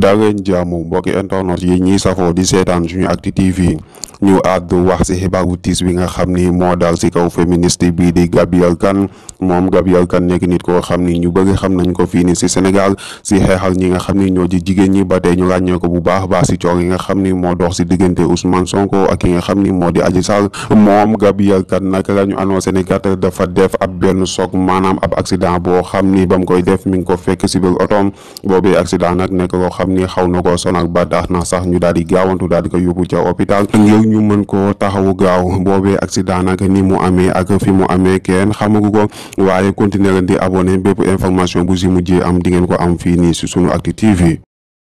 daa ngeen jaamu mbokki internet yi ñuy safoo di seetaan suñu Actu fii ñu àddu wax si xibaaru tiis bi nga xam ni moo daal si kaw féministe bii di Gabrielle Kane moom Gabrielle kan nekk nit koo xam ni ñu bëgg xam nañ ko fii ni si Sénégal si xeexal ñi nga xam ni ñoo ci jigéen ñi ba tey ñu ràññee ko bu baax baax si coow yi nga xam ni moo dox si diggante Ousmane Sonko ki nga xam ni moo di Adji Sarr moom Gabrielle Kane nag la ñu annoncé ne kat dafa def ab benn choc maanaam ab accident boo xam ni ba mu koy def mi ngi ko fekk si biir otoom boobee accident nag nekk koo xam ni xaw na koo sonal ba tax na sax ñu daal di gaawantu daal di ko yóbbu ca hôpital ñu mën ko taxawu gaaw boobee accident nag ni mu amee ak fi mu amee kenn xamagu ko waaye continuer leen di abonné bépp information bu si mujjee am di ngeen ko am fii nii si sunu Actu TV